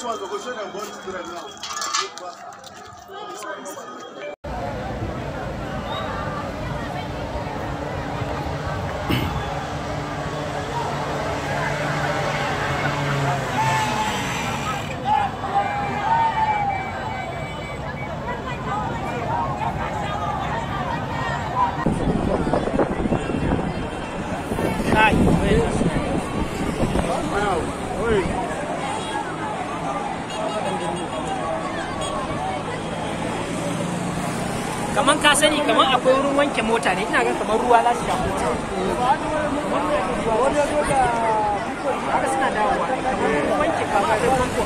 this one because you are going to do right now. Ai, beleza. kamar ka sani kamar akwai wurin wanke mota ne ina ga kamar ruwa za su shafi mota haka suna dawowa wanke kaga da wanko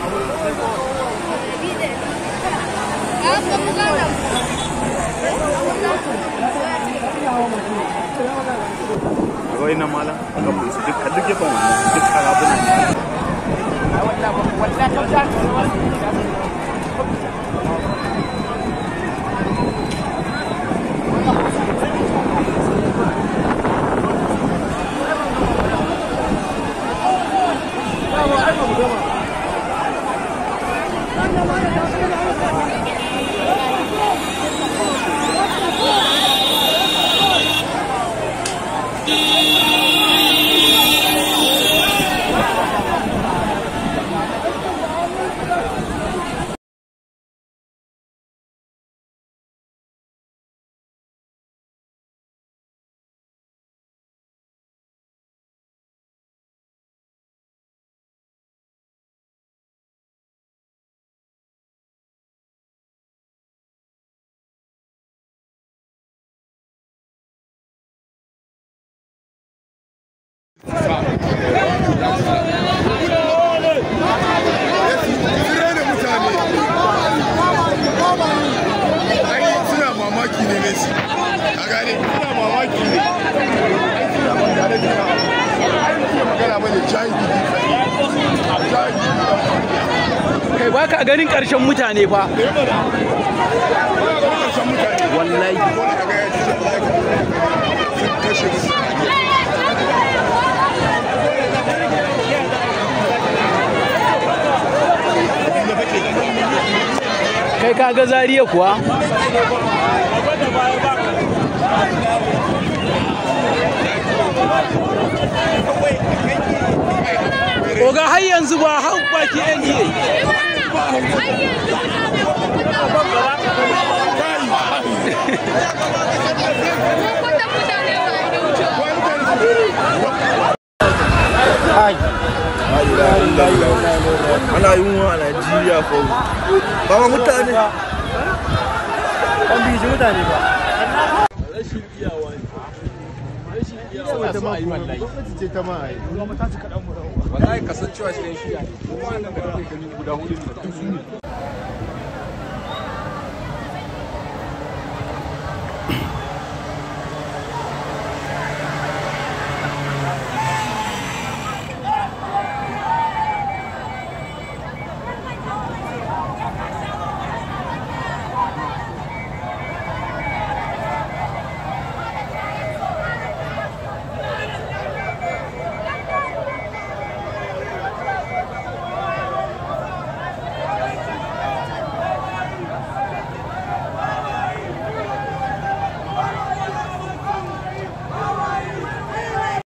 na kai ba ka ganin ƙarshen mutane fa wallahi kai ka ga zariya kuwa ba hau baki yan jiye ana yunwa a najeriya fa ba mutane an biji mutane ba rashin iyawa suna so a yi wallahi gwamnati ce ta a yi gwamnati ta ci kaɗan mu wallahi kasancewa shi ne shi kuma nan da kake gani guda hudu ne